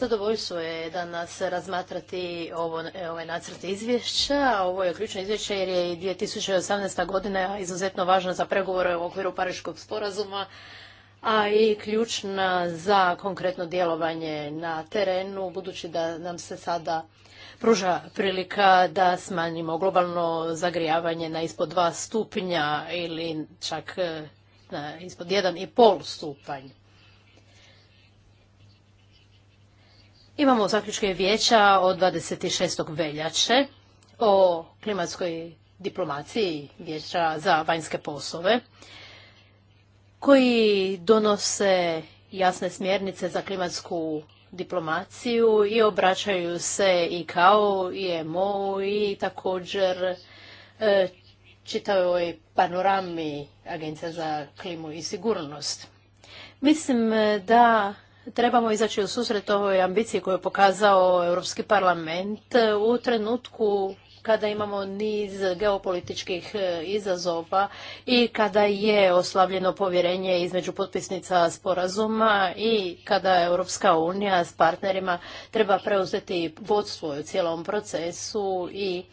Zadovoljstvo je danas razmatrati ovo, ovaj nacrt izvješća. Ovo je ključno izvješće jer je i 2018. godina izuzetno važna za pregovore u okviru Pariškog sporazuma, a i ključna za konkretno djelovanje na terenu, budući da nam se sada pruža prilika da smanjimo globalno zagrijavanje na ispod dva stupnja ili čak eh, na ispod pol stupanj. Imamo zaključke vijeća od 26. veljače o klimatskoj diplomaciji vijeća za vanjske poslove koji donose jasne smjernice za klimatsku diplomaciju i obraćaju se i kao i EMO i također e, čitavoj panorami Agencija za klimu i sigurnost. Mislim da trebamo izaći u susret ovoj ambiciji koju je pokazao Europski parlament e, u trenutku kada imamo niz geopolitičkih e, izazova i kada je oslavljeno povjerenje između potpisnica sporazuma i kada Europska unija s partnerima treba preuzeti vodstvo u cijelom procesu i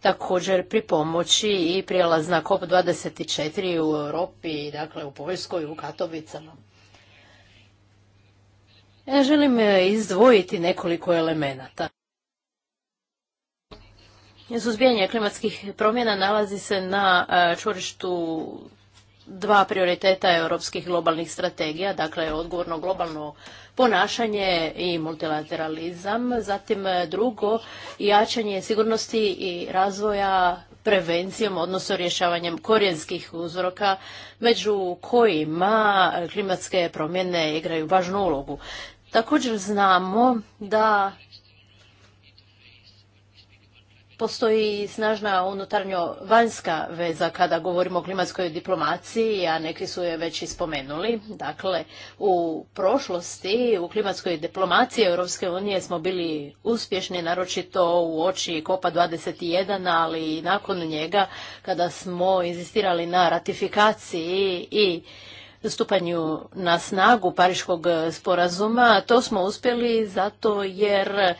također pomoći i prijelaz na COP24 u Europi, dakle u Poljskoj, u Katovicama. Ja želim e, izdvojiti nekoliko elemenata. Suzbijanje klimatskih promjena nalazi se na e, čvorištu dva prioriteta europskih globalnih strategija, dakle odgovorno globalno ponašanje i multilateralizam, zatim e, drugo jačanje sigurnosti i razvoja prevencijom, odnosno rješavanjem korijenskih uzroka, među kojima klimatske promjene igraju važnu ulogu. Također znamo da postoji snažna unutarnjo vanjska veza kada govorimo o klimatskoj diplomaciji, a neki su je već i spomenuli. Dakle, u prošlosti u klimatskoj diplomaciji Europske unije smo bili uspješni, naročito u oči Kopa 21, ali i nakon njega kada smo inzistirali na ratifikaciji i stupanju na snagu Pariškog sporazuma. To smo uspjeli zato jer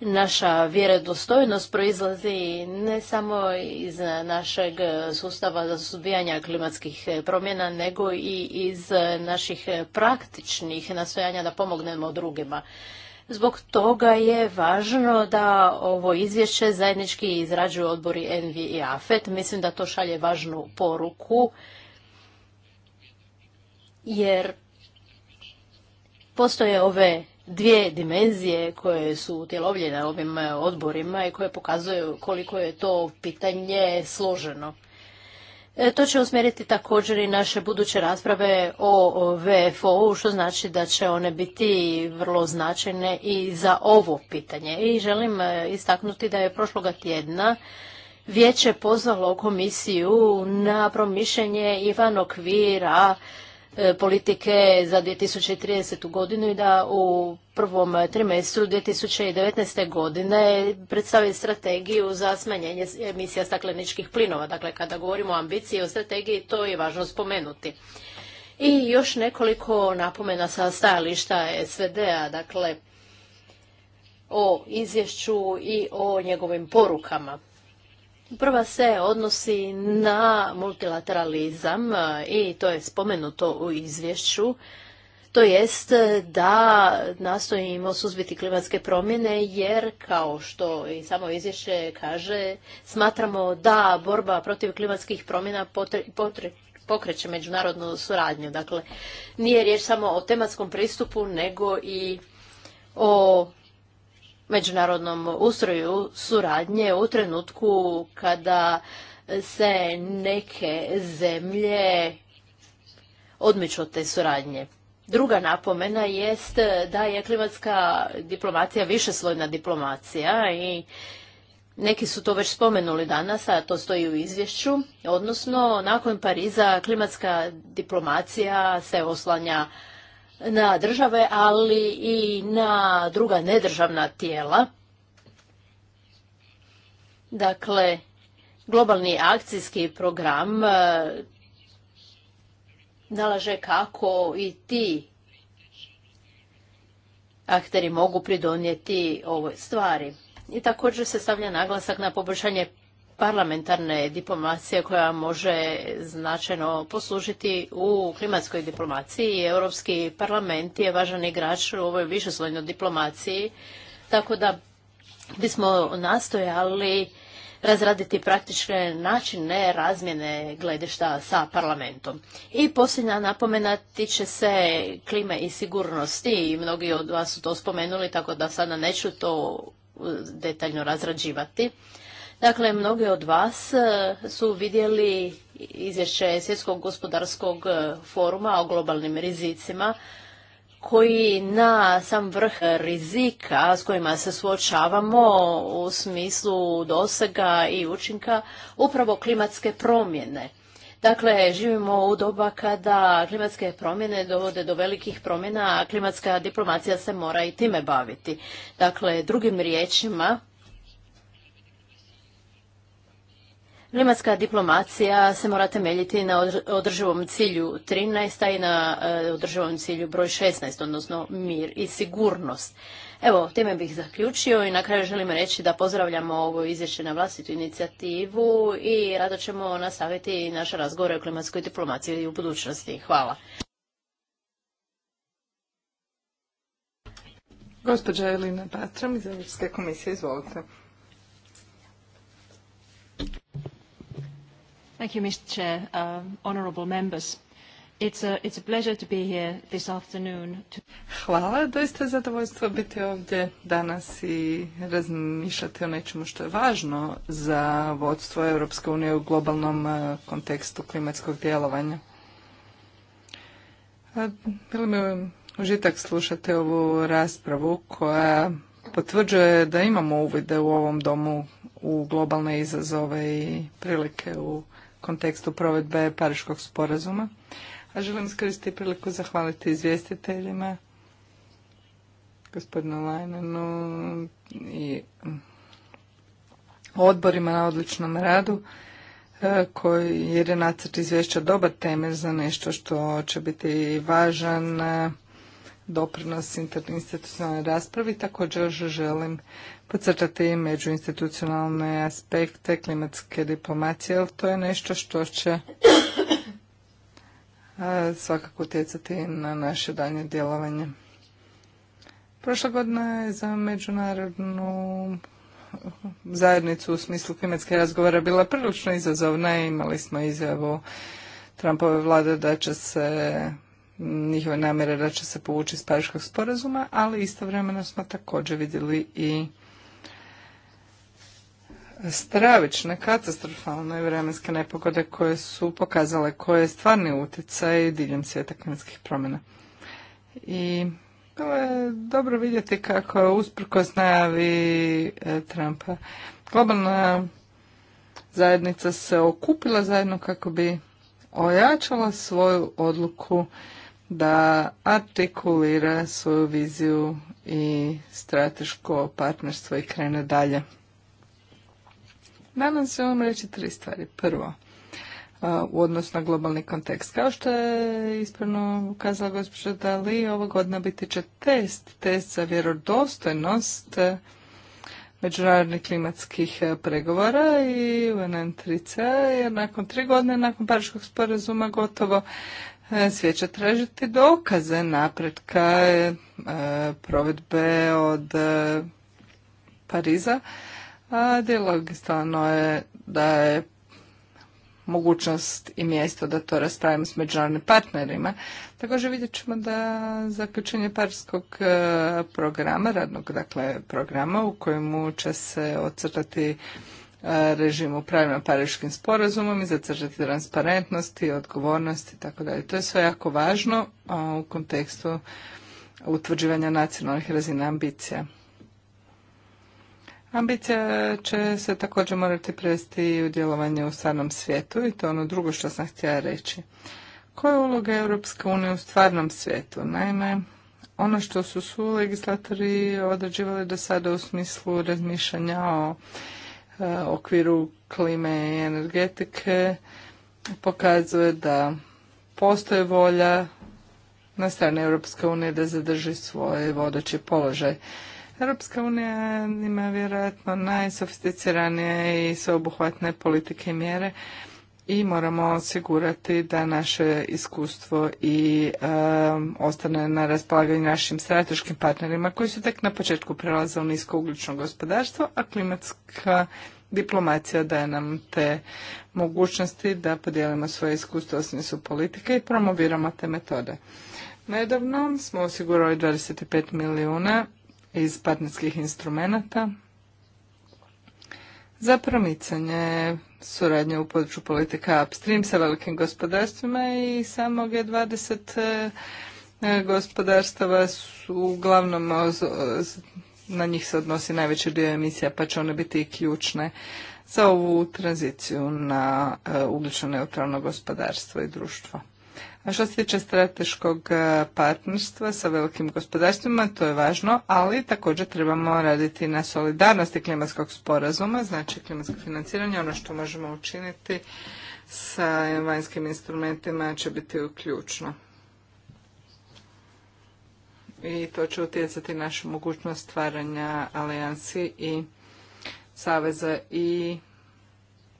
naša vjerodostojnost proizlazi ne samo iz našeg sustava za suzbijanja klimatskih promjena, nego i iz naših praktičnih nastojanja da pomognemo drugima. Zbog toga je važno da ovo izvješće zajednički izrađuju odbori Envi i AFET. Mislim da to šalje važnu poruku jer postoje ove dvije dimenzije koje su utjelovljene ovim e, odborima i koje pokazuju koliko je to pitanje složeno. E, to će usmjeriti također i naše buduće rasprave o VFO-u, što znači da će one biti vrlo značajne i za ovo pitanje. I želim e, istaknuti da je prošloga tjedna vijeće pozvalo komisiju na promišljenje Ivan Okvira E, politike za 2030. godinu i da u prvom trimestru 2019. godine predstavi strategiju za smanjenje emisija stakleničkih plinova. Dakle, kada govorimo o ambiciji o strategiji, to je važno spomenuti. I još nekoliko napomena sa stajališta SVD-a, dakle, o izvješću i o njegovim porukama. Prva se odnosi na multilateralizam e, i to je spomenuto u izvješću. To jest da nastojimo suzbiti klimatske promjene jer kao što i samo izvješće kaže smatramo da borba protiv klimatskih promjena pokreće međunarodnu suradnju. Dakle, nije riječ samo o tematskom pristupu nego i o međunarodnom ustroju suradnje u trenutku kada se neke zemlje odmiču od te suradnje. Druga napomena jest da je klimatska diplomacija višeslojna diplomacija i neki su to već spomenuli danas, a to stoji u izvješću, odnosno nakon Pariza klimatska diplomacija se oslanja na države, ali i na druga nedržavna tijela. Dakle, globalni akcijski program e, nalaže kako i ti akteri mogu pridonijeti ovoj stvari. I također se stavlja naglasak na poboljšanje parlamentarne diplomacije koja može značajno poslužiti u klimatskoj diplomaciji. Europski parlament je važan igrač u ovoj višeslojnoj diplomaciji, tako da bismo nastojali razraditi praktične načine razmjene gledišta sa parlamentom. I posljednja napomena tiče se klime i sigurnosti i mnogi od vas su to spomenuli, tako da sada neću to detaljno razrađivati. Dakle, mnogi od vas e, su vidjeli izvješće Svjetskog gospodarskog e, foruma o globalnim rizicima koji na sam vrh rizika s kojima se suočavamo u smislu dosega i učinka upravo klimatske promjene. Dakle, živimo u doba kada klimatske promjene dovode do velikih promjena, a klimatska diplomacija se mora i time baviti. Dakle, drugim riječima, Klimatska diplomacija se mora temeljiti na održivom cilju 13, i na eh, održivom cilju broj 16, odnosno mir i sigurnost. Evo, time bih zaključio i na kraju želim reći da pozdravljamo ovo izvješće na vlastitu inicijativu i rado ćemo nastaviti naše razgovore o klimatskoj diplomaciji u budućnosti. Hvala. Gospođa Elina patram iz komisije, izvolite. Thank you, Mr. Uh, members. It's a pleasure to be here this afternoon. Hvala, doista je zadovoljstvo biti ovdje danas i razmišljati o nečemu što je važno za vodstvo Europske unije u globalnom uh, kontekstu klimatskog djelovanja. Bilo mi užitak slušati ovu raspravu koja potvrđuje da imamo uvide u ovom domu u globalne izazove i prilike u kontekstu provedbe Pariškog sporazuma. A želim iskoristiti priliku zahvaliti izvjestiteljima, gospodinu Lajnenu i mm, odborima na odličnom radu e, koji je nacrt izvješća dobar temelj za nešto što će biti važan e, doprinos interinstitucionalnoj raspravi. Također želim podcrtati međuinstitucionalne aspekte klimatske diplomacije, ali to je nešto što će svakako utjecati na naše daljnje djelovanje. Prošla godina je za međunarodnu zajednicu u smislu klimatske razgovora bila prilično izazovna. Imali smo izjavu Trumpove vlade da će se njihove namjere da će se povući iz Pariškog sporazuma, ali istovremeno smo također vidjeli i stravične, katastrofalne vremenske nepogode koje su pokazale koje je stvarni utjecaj diljem svijeta klimatskih promjena. I bilo je dobro vidjeti kako je usprkos najavi e, Trumpa globalna zajednica se okupila zajedno kako bi ojačala svoju odluku da artikulira svoju viziju i strateško partnerstvo i krene dalje. Nadam se vam reći tri stvari. Prvo, uh, u odnosu na globalni kontekst. Kao što je ispravno ukazala gospođa Dali, ova godina biti će test, test za vjerodostojnost međunarodnih klimatskih uh, pregovora i UNN3C, jer nakon tri godine, nakon Pariškog sporazuma gotovo uh, svijet će tražiti dokaze napretka provedbe od Pariza a dijalog stvarno je da je mogućnost i mjesto da to raspravimo s međunarodnim partnerima. Također vidjet ćemo da zaključenje parskog e, programa, radnog dakle programa u kojemu će se ocrtati e, režim pravima pariškim sporazumom i zacrtati transparentnost i odgovornost i tako dalje. To je sve jako važno u kontekstu utvrđivanja nacionalnih razina ambicija. Ambicija će se također morati presti i u djelovanje u stvarnom svijetu i to je ono drugo što sam htjela reći. Koja je uloga Europske unije u stvarnom svijetu? Naime, ono što su su legislatori odrađivali do sada u smislu razmišljanja o e, okviru klime i energetike pokazuje da postoje volja na strani Europske unije da zadrži svoj vodeći položaj. Europska unija ima vjerojatno najsofisticiranije i sveobuhvatne politike i mjere i moramo osigurati da naše iskustvo i um, ostane na raspolaganju našim strateškim partnerima koji su tek na početku prelaze u niskougljično gospodarstvo, a klimatska diplomacija daje nam te mogućnosti da podijelimo svoje iskustvo u smislu politike i promoviramo te metode. Nedavno smo osigurali 25 milijuna iz partnerskih instrumenata za promicanje suradnje u području politika upstream sa velikim gospodarstvima i samo G20 e, gospodarstava su uglavnom e, na njih se odnosi najveći dio emisija pa će one biti i ključne za ovu tranziciju na e, ugljično neutralno gospodarstvo i društvo. A što se tiče strateškog e, partnerstva sa velikim gospodarstvima, to je važno, ali također trebamo raditi na solidarnosti klimatskog sporazuma, znači klimatsko financiranje, ono što možemo učiniti sa vanjskim instrumentima će biti ključno. I to će utjecati našu mogućnost stvaranja alijansi i saveza i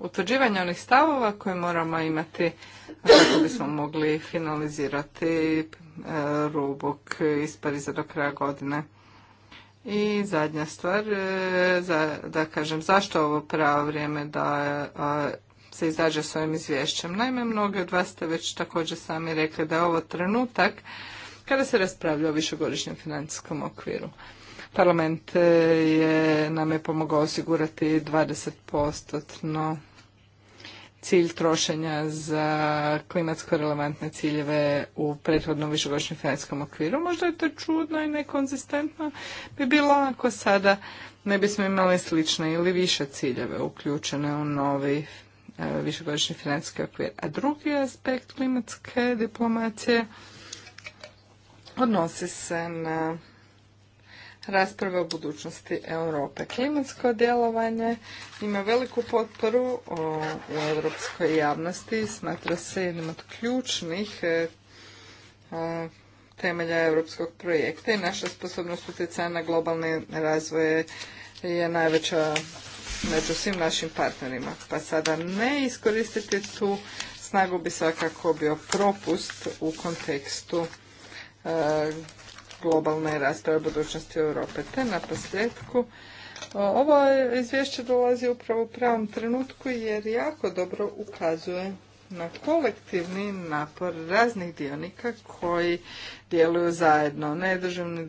utvrđivanje onih stavova koje moramo imati kako bismo mogli finalizirati e, rubok iz za do kraja godine. I zadnja stvar, e, da kažem, zašto ovo pravo vrijeme da se izađe s ovim izvješćem? Naime, mnogi od vas ste već također sami rekli da je ovo trenutak kada se raspravlja o višegodišnjem financijskom okviru. Parlament e, je, nam je pomogao osigurati 20% cilj trošenja za klimatsko relevantne ciljeve u prethodnom višegodišnjem financijskom okviru. Možda je to čudno i nekonzistentno bi bilo ako sada ne bismo imali slične ili više ciljeve uključene u novi e, višegodišnji financijski okvir. A drugi aspekt klimatske diplomacije odnosi se na rasprave o budućnosti Europe. Klimatsko djelovanje ima veliku potporu u europskoj javnosti smatra se jednim od ključnih e, temelja europskog projekta i naša sposobnost utjecaja na globalne razvoje je najveća među svim našim partnerima. Pa sada ne iskoristiti tu snagu bi svakako bio propust u kontekstu e, globalne rasprave o budućnosti Europe. Te na posljedku, ovo izvješće dolazi upravo u pravom trenutku jer jako dobro ukazuje na kolektivni napor raznih dionika koji djeluju zajedno. ne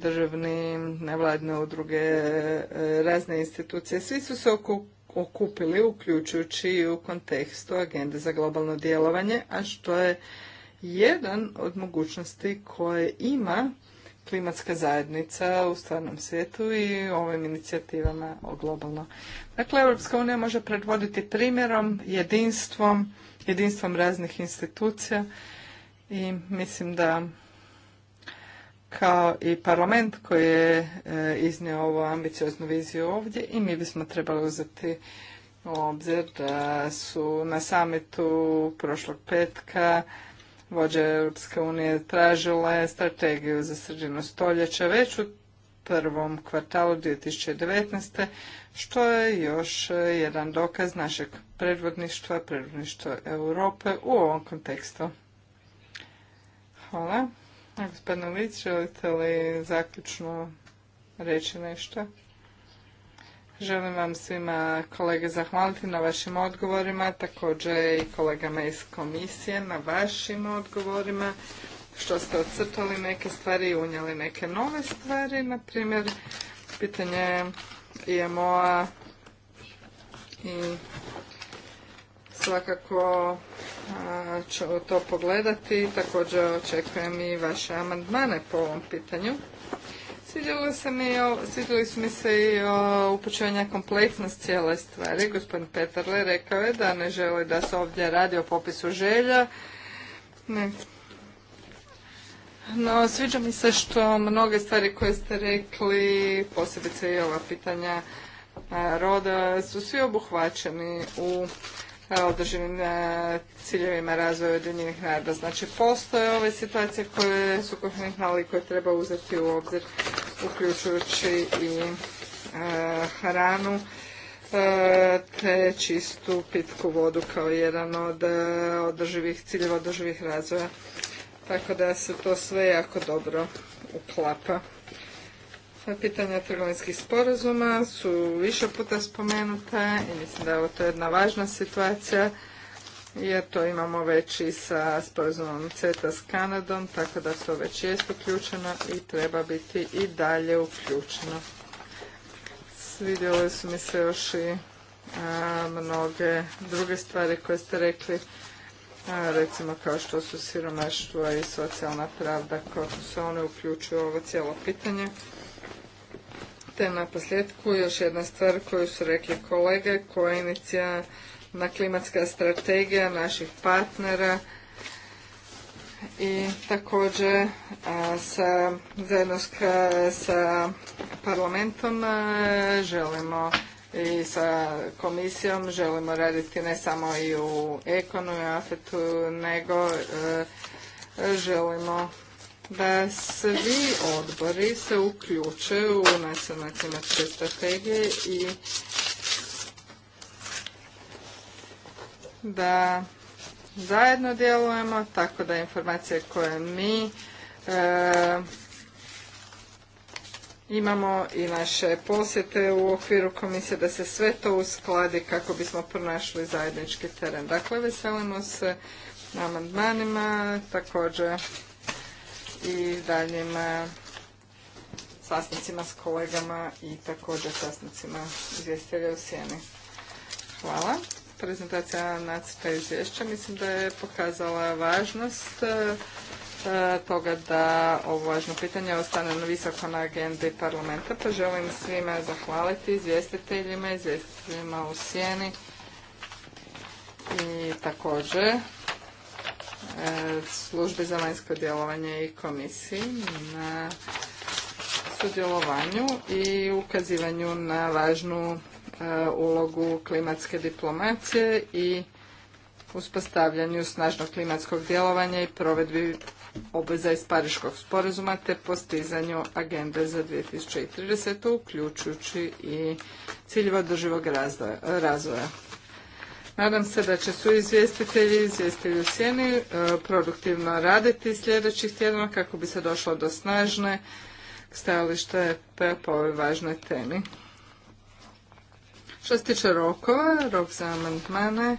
državni, nevladne udruge, e, razne institucije. Svi su se okupili, uključujući i u kontekstu agende za globalno djelovanje, a što je jedan od mogućnosti koje ima klimatska zajednica u stvarnom svijetu i ovim inicijativama globalno. Dakle, Europska unija može predvoditi primjerom, jedinstvom, jedinstvom raznih institucija i mislim da kao i parlament koji je e, iznio ovu ambicioznu viziju ovdje i mi bismo trebali uzeti u obzir da su na samitu prošlog petka vođe Europske unije je strategiju za sredinu stoljeća već u prvom kvartalu 2019. što je još jedan dokaz našeg predvodništva, predvodništva Europe u ovom kontekstu. Hvala. Gospodine Lić, želite li zaključno reći nešto? Želim vam svima kolege zahvaliti na vašim odgovorima, također i kolegama iz komisije na vašim odgovorima, što ste ocrtali neke stvari i unijeli neke nove stvari, na primjer pitanje IMO-a i svakako ću to pogledati. Također očekujem i vaše amandmane po ovom pitanju. Svidjelo mi, svidjeli su mi se i upočivanja kompleksnost cijele stvari. Gospodin Petarle rekao je da ne želi da se ovdje radi o popisu želja. No, sviđa mi se što mnoge stvari koje ste rekli, posebice i ova pitanja roda, su svi obuhvaćeni u održivim ciljevima razvoja jedinjenih naroda. Znači, postoje ove situacije koje su kohenih ali koje treba uzeti u obzir uključujući i e, hranu e, te čistu pitku vodu kao jedan od e, održivih ciljeva održivih razvoja. Tako da se to sve jako dobro uklapa. Pitanja trgovinskih sporazuma su više puta spomenuta i mislim da je ovo to jedna važna situacija jer to imamo već i sa sporazumom CETA s Kanadom, tako da to već jest uključeno i treba biti i dalje uključeno. Svidjeli su mi se još i mnoge druge stvari koje ste rekli, recimo kao što su siromaštvo i socijalna pravda, kako se one uključuju u ovo cijelo pitanje. Te na posljedku još jedna stvar koju su rekli kolege, koja inicija na klimatska strategija naših partnera i također sa, zajedno sa parlamentom želimo i sa komisijom želimo raditi ne samo i u Ekonu i Afetu, nego e, želimo da svi odbori se uključe u nacionalne klimatske strategije i da zajedno djelujemo, tako da informacije koje mi e, imamo i naše posjete u okviru komisije da se sve to uskladi kako bismo pronašli zajednički teren. Dakle, veselimo se na amandmanima, također i daljim e, sastancima s kolegama i također sastancima izvjestelja u sjeni. Hvala prezentacija nacrta izvješća. Mislim da je pokazala važnost e, e, toga da ovo važno pitanje ostane visoko na agendi parlamenta, pa želim svima zahvaliti izvjestiteljima, izvjestiteljima u sjeni i također e, službi za vanjsko djelovanje i komisiji na sudjelovanju i ukazivanju na važnu E, ulogu klimatske diplomacije i uspostavljanju snažnog klimatskog djelovanja i provedbi obveza iz Pariškog sporazuma te postizanju agende za 2030. uključujući i ciljeva održivog razvoja. Nadam se da će su izvjestitelji i izvjestitelji u sjeni e, produktivno raditi sljedećih tjedana kako bi se došlo do snažne stajalište p-a po ovoj važnoj temi. Što se tiče rokova, rok za amandmane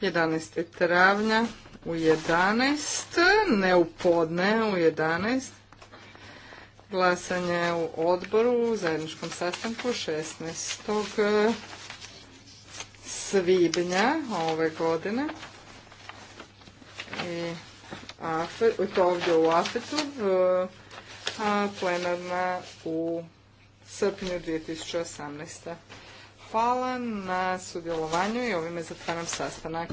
11. travnja u 11, ne u podne, u 11. Glasanje u odboru u zajedničkom sastanku 16. svibnja ove godine. I to ovdje u Afetu, a plenarna u srpnju 2018. Hvala na sudjelovanju i ovime zatvaram sastanak.